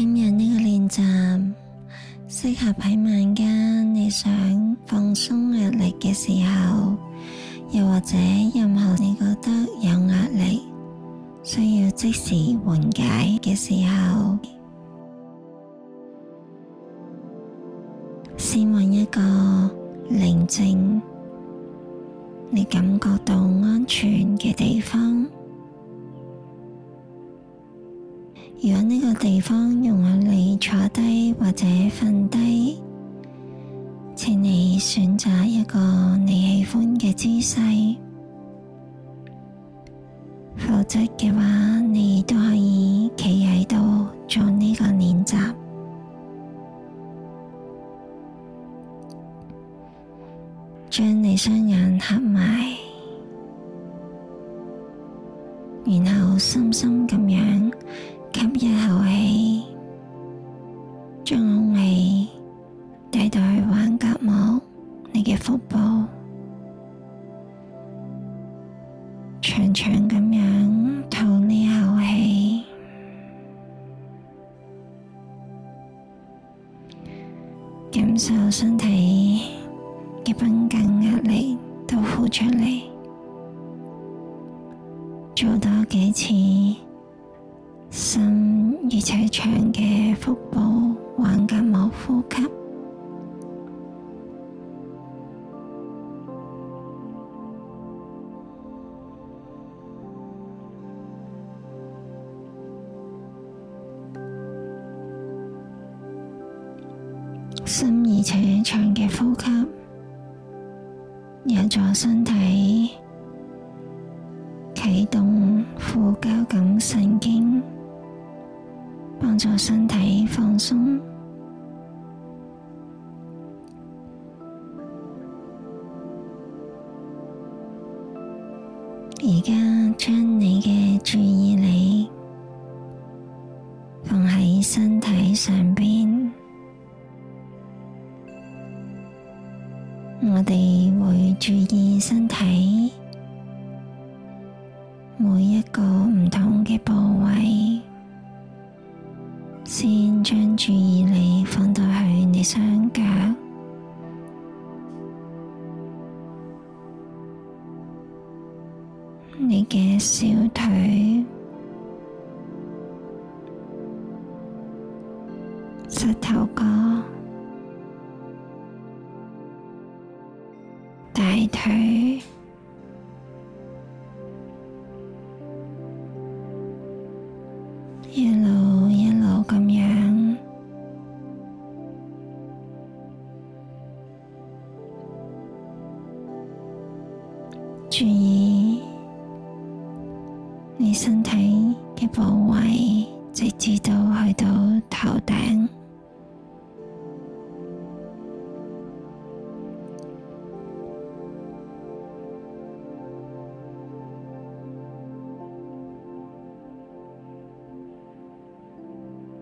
今日呢個練習適合喺晚間你想放鬆壓力嘅時候，又或者任何你覺得有壓力需要即時緩解嘅時候，先搵一個寧靜，你感覺到安全嘅地方。如果呢個地方容許你坐低或者瞓低，請你選擇一個你喜歡嘅姿勢；否則嘅話，你都可以企喺度做呢個練習。將你雙眼合埋，然後深深咁樣。吸一口氣，將空氣帶到去橫膈膜，你嘅腹部，長長咁樣透呢口氣，感受身體嘅繃緊壓力都呼出嚟，做多幾次。而且長嘅腹部橫膈膜呼吸，深而且長嘅呼吸，有助身體啟動副交感神經。幫助身體放鬆。而家將你嘅注意力放喺身體上邊，我哋會注意身體每一個唔同嘅部位。你嘅小腿、膝頭哥、大腿、一路一路咁樣注意。身體嘅部位，直至到去到頭頂，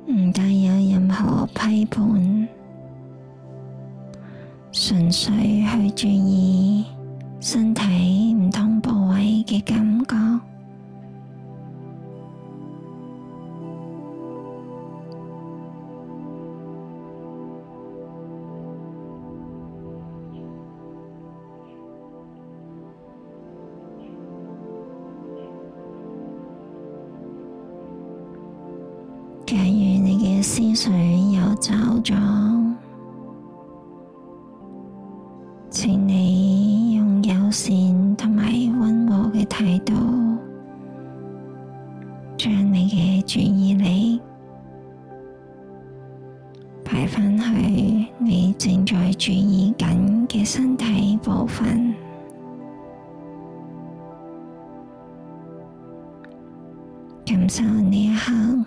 唔帶有任何批判，純粹去注意身體唔同部位嘅感覺。假如你嘅思緒游走咗，請你用友善同埋溫和嘅態度，將你嘅注意力擺返去你正在注意緊嘅身體部分，感受呢一刻。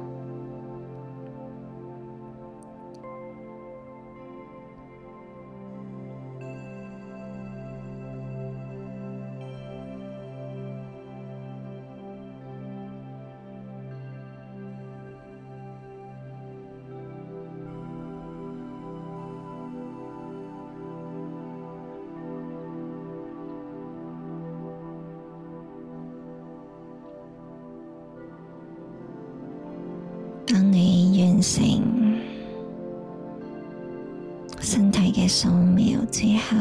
等你完成身體嘅掃描之後，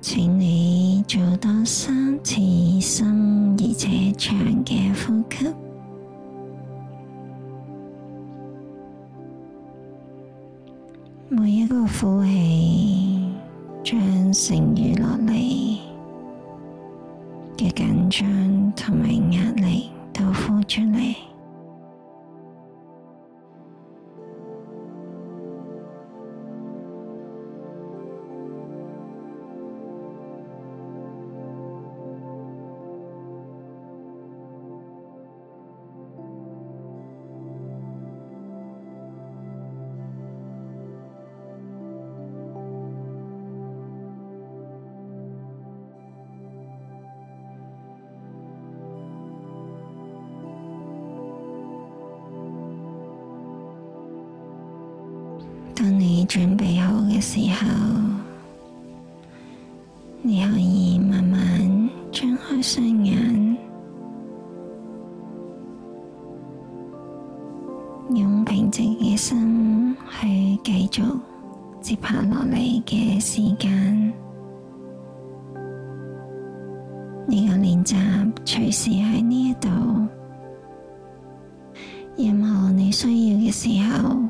請你做多三次深而且長嘅呼吸，每一個呼氣將剩餘落嚟緊張同埋壓力都呼出嚟。當你準備好嘅時候，你可以慢慢張開雙眼，用平靜嘅心去繼續接下落嚟嘅時間。呢個練習隨時喺呢一度，任何你需要嘅時候。